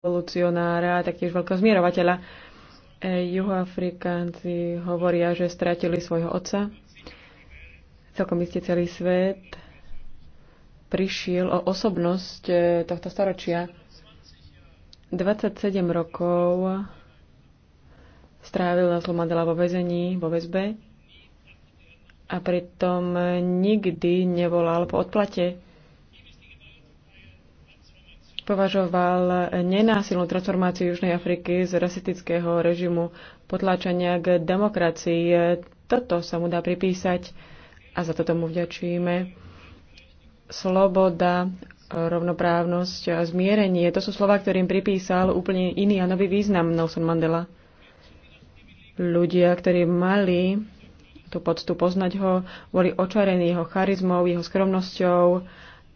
revolucionára, taktiež veľkého zmierovateľa. E, Juhoafrikánci hovoria, že stratili svojho otca. Celkom iste celý svet prišiel o osobnosť e, tohto storočia. 27 rokov strávil Nelson Mandela vo väzení, vo väzbe a pritom nikdy nevolal po odplate považoval nenásilnú transformáciu Južnej Afriky z rasistického režimu potláčania k demokracii. Toto sa mu dá pripísať a za toto mu vďačíme. Sloboda, rovnoprávnosť a zmierenie. To sú slova, ktorým pripísal úplne iný a nový význam Nelson Mandela. Ľudia, ktorí mali tú poctu poznať ho, boli očarení jeho charizmou, jeho skromnosťou,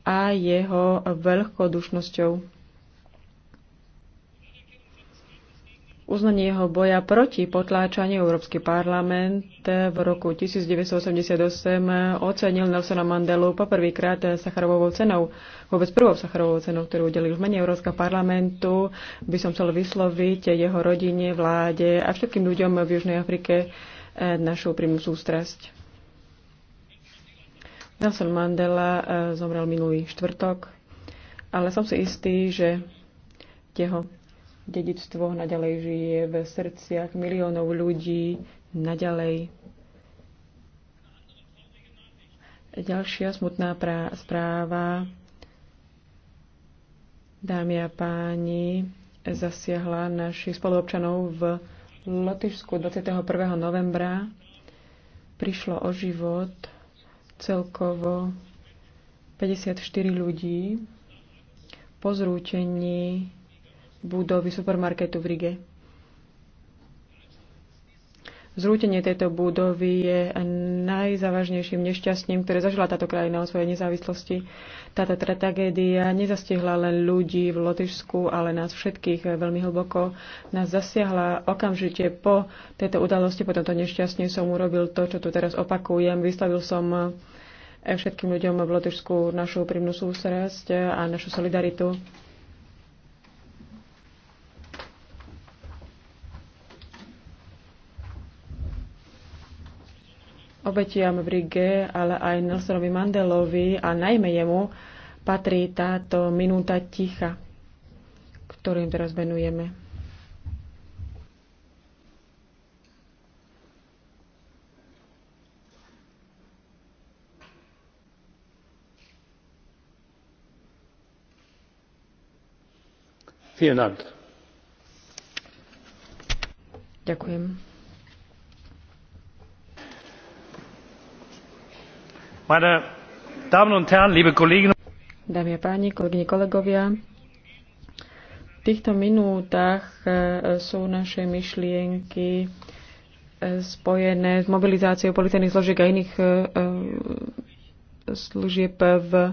a jeho veľkodušnosťou. uznanie jeho boja proti potláčaniu Európsky parlament v roku 1988 ocenil Nelsona Mandelu poprvýkrát Sacharovou cenou, vôbec prvou Sacharovou cenou, ktorú udelil v mene Európskeho parlamentu. By som chcel vysloviť jeho rodine, vláde a všetkým ľuďom v Južnej Afrike eh, našu úprimnú sústrasť. Nelson Mandela eh, zomrel minulý štvrtok, ale som si istý, že jeho dedictvo naďalej žije v srdciach miliónov ľudí, naďalej. Ďalšia smutná správa, dámy a páni, zasiahla našich spoluobčanov v Lotyšsku 21. novembra. Prišlo o život celkovo 54 ľudí po zrútení budovy supermarketu v Rige. Zrútenie tejto budovy je najzávažnejším nešťastím, ktoré zažila táto krajina o svojej nezávislosti. Táto tragédia nezastihla len ľudí v Lotyšsku, ale nás všetkých veľmi hlboko. Nás zasiahla okamžite po tejto udalosti, po tomto nešťastí som urobil to, čo tu teraz opakujem. Vystavil som všetkým ľuďom v Lotyšsku našu úprimnú sústrasť a našu solidaritu. obetiam v Rige, ale aj Nelsonovi Mandelovi a najmä jemu patrí táto minúta ticha, ktorým teraz venujeme. Vielen Dank. Ďakujem. Meine Damen und Herren, liebe Kolleginnen Dámy a páni, kolegyne, kolegovia, v týchto minútach e, sú naše myšlienky e, spojené s mobilizáciou policajných zložiek a iných e, služieb v